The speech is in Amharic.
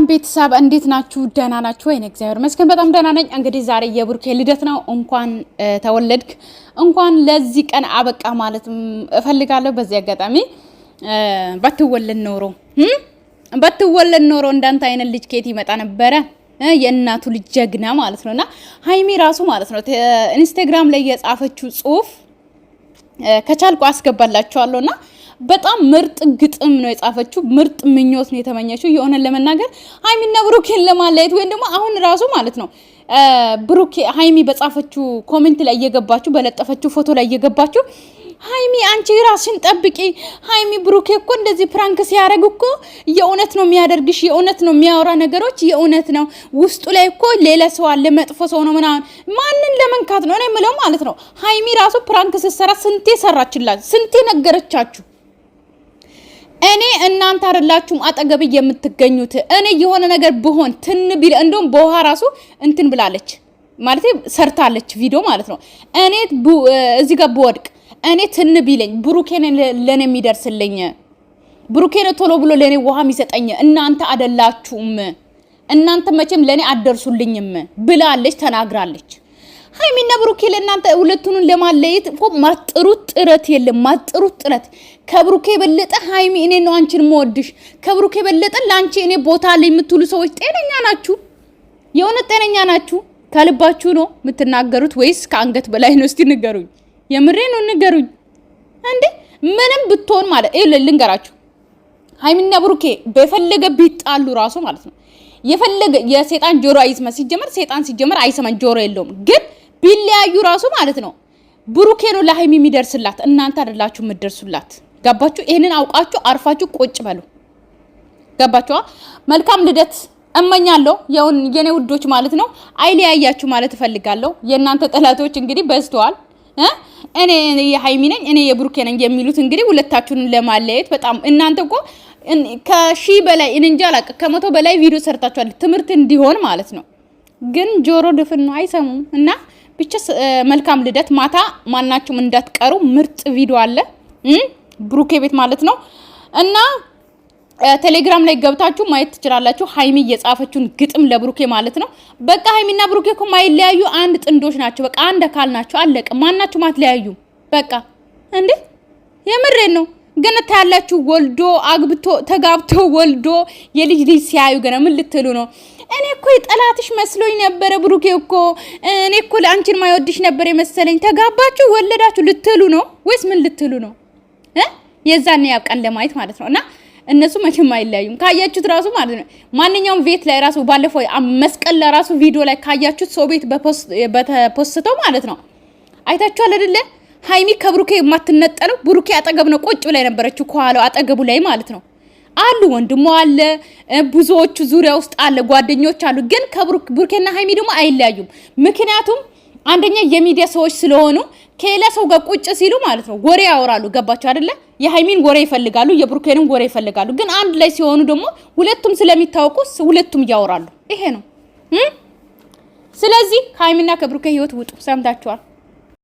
ሰላም ቤተሰብ እንዴት ናችሁ? ደህና ናችሁ ወይ? እግዚአብሔር ይመስገን በጣም ደህና ነኝ። እንግዲህ ዛሬ የብሩኬ ልደት ነው። እንኳን ተወለድክ፣ እንኳን ለዚህ ቀን አበቃ ማለት እፈልጋለሁ። በዚህ አጋጣሚ ባትወለድ ኖሮ ባትወለድ ኖሮ እንዳንተ አይነት ልጅ ከየት ይመጣ ነበረ? የእናቱ ልጅ ጀግና ማለት ነውና ሀይሚ ራሱ ማለት ነው ኢንስታግራም ላይ የጻፈችው ጽሁፍ ከቻልኩ አስገባላችኋለሁና በጣም ምርጥ ግጥም ነው የጻፈችው። ምርጥ ምኞት ነው የተመኘችው። የሆነ ለመናገር ሀይሚና ብሩኬን ለማለየት ወይም ደግሞ አሁን ራሱ ማለት ነው ብሩኬ ሀይሚ በጻፈችው ኮሜንት ላይ እየገባችሁ በለጠፈችው ፎቶ ላይ እየገባችሁ ሀይሚ አንቺ ራስሽን ጠብቂ፣ ሀይሚ ብሩኬ እኮ እንደዚህ ፕራንክ ሲያደርግ እኮ የእውነት ነው የሚያደርግሽ፣ የእውነት ነው የሚያወራ ነገሮች የእውነት ነው። ውስጡ ላይ እኮ ሌላ ሰው አለ፣ መጥፎ ሰው ነው ምናምን። ማንን ለመንካት ነው እኔ የምለው ማለት ነው። ሀይሚ ራሱ ፕራንክ ስትሰራ ስንቴ ሰራችላት፣ ስንቴ ነገረቻችሁ። እኔ እናንተ አይደላችሁም አጠገብ የምትገኙት። እኔ የሆነ ነገር ብሆን ትን ቢል እንደውም በውሃ ራሱ እንትን ብላለች ማለት ሰርታለች ቪዲዮ ማለት ነው። እኔ እዚህ ጋር ብወድቅ እኔ ትን ቢለኝ ብሩኬን ለእኔ የሚደርስልኝ ብሩኬን ቶሎ ብሎ ለእኔ ውሃ የሚሰጠኝ እናንተ አይደላችሁም። እናንተ መቼም ለእኔ አደርሱልኝም ብላለች፣ ተናግራለች። ሀይሚና ብሩኬ ለእናንተ ሁለቱን ለማለየት እኮ ማጥሩት ጥረት የለም። ማጥሩት ጥረት ከብሩኬ የበለጠ ሀይሚ እኔ ነው አንቺን መወድሽ፣ ከብሩኬ የበለጠ ለአንቺ እኔ ቦታ አለ የምትሉ ሰዎች ጤነኛ ናችሁ? የእውነት ጤነኛ ናችሁ? ከልባችሁ ነው የምትናገሩት ወይስ ከአንገት በላይ ነው? እስቲ ንገሩኝ። የምሬ ነው ንገሩኝ። እንዴ ምንም ብትሆን ማለት ልንገራችሁ፣ ሀይሚና ብሩኬ በፈለገ ቢጣሉ ራሱ ማለት ነው የፈለገ የሴጣን ጆሮ አይስማ። ሲጀመር ሴጣን ሲጀመር አይሰማን ጆሮ የለውም ግን ቢለያዩ ራሱ ማለት ነው ብሩኬ ነው ለሀይሚ የሚደርስላት፣ እናንተ አይደላችሁ የምትደርሱላት። ገባችሁ? ይህንን አውቃችሁ አርፋችሁ ቁጭ በሉ። ገባችኋ? መልካም ልደት እመኛለሁ የውን የኔ ውዶች ማለት ነው። አይለያያችሁ ማለት እፈልጋለሁ። የእናንተ ጠላቶች እንግዲህ በዝተዋል። እኔ የሀይሚ ነኝ እኔ የብሩኬ ነኝ የሚሉት እንግዲህ ሁለታችሁን ለማለያየት በጣም እናንተ እኮ ከሺ በላይ እንጃ አላቅ ከመቶ በላይ ቪዲዮ ሰርታችኋል። ትምህርት እንዲሆን ማለት ነው። ግን ጆሮ ድፍን ነው አይሰሙም እና ብቻ መልካም ልደት። ማታ ማናችሁም እንዳትቀሩ፣ ምርጥ ቪዲዮ አለ ብሩኬ ቤት ማለት ነው እና ቴሌግራም ላይ ገብታችሁ ማየት ትችላላችሁ። ሀይሚ የጻፈችውን ግጥም ለብሩኬ ማለት ነው። በቃ ሀይሚና ብሩኬ እኮ ማይለያዩ አንድ ጥንዶች ናቸው። በቃ አንድ አካል ናቸው። አለቀ። ማናችሁም አትለያዩ። በቃ እንዴ የምሬን ነው። ግን ታያላችሁ፣ ወልዶ አግብቶ ተጋብቶ ወልዶ የልጅ ልጅ ሲያዩ ገና ምን ልትሉ ነው? እኔ እኮ ጠላትሽ መስሎኝ ነበረ ብሩኬ እኮ እኔ እኮ ለአንቺን ማይወድሽ ነበር የመሰለኝ። ተጋባችሁ ወለዳችሁ ልትሉ ነው ወይስ ምን ልትሉ ነው? የዛን ቀን ለማየት ማለት ነው። እና እነሱ መቼም አይለያዩም ካያችሁት ራሱ ማለት ነው። ማንኛውም ቤት ላይ ራሱ ባለፈው መስቀል ለራሱ ቪዲዮ ላይ ካያችሁት ሰው ቤት በተፖስተው ማለት ነው አይታችኋል አይደለ? ሀይሚ ከብሩኬ የማትነጠለው ብሩኬ አጠገብ ነው ቁጭ ብላ የነበረችው ከኋላው አጠገቡ ላይ ማለት ነው። አሉ ወንድሞ አለ፣ ብዙዎቹ ዙሪያ ውስጥ አለ፣ ጓደኞች አሉ። ግን ከብሩኬና ሀይሚ ደግሞ አይለያዩም። ምክንያቱም አንደኛ የሚዲያ ሰዎች ስለሆኑ ከሌላ ሰው ጋር ቁጭ ሲሉ ማለት ነው ወሬ ያወራሉ። ገባቸው አይደለ? የሀይሚን ወሬ ይፈልጋሉ፣ የብሩኬንን ወሬ ይፈልጋሉ። ግን አንድ ላይ ሲሆኑ ደግሞ ሁለቱም ስለሚታወቁ ሁለቱም እያወራሉ። ይሄ ነው። ስለዚህ ከሀይሚና ከብሩኬ ህይወት ውጡ። ሰምታችኋል።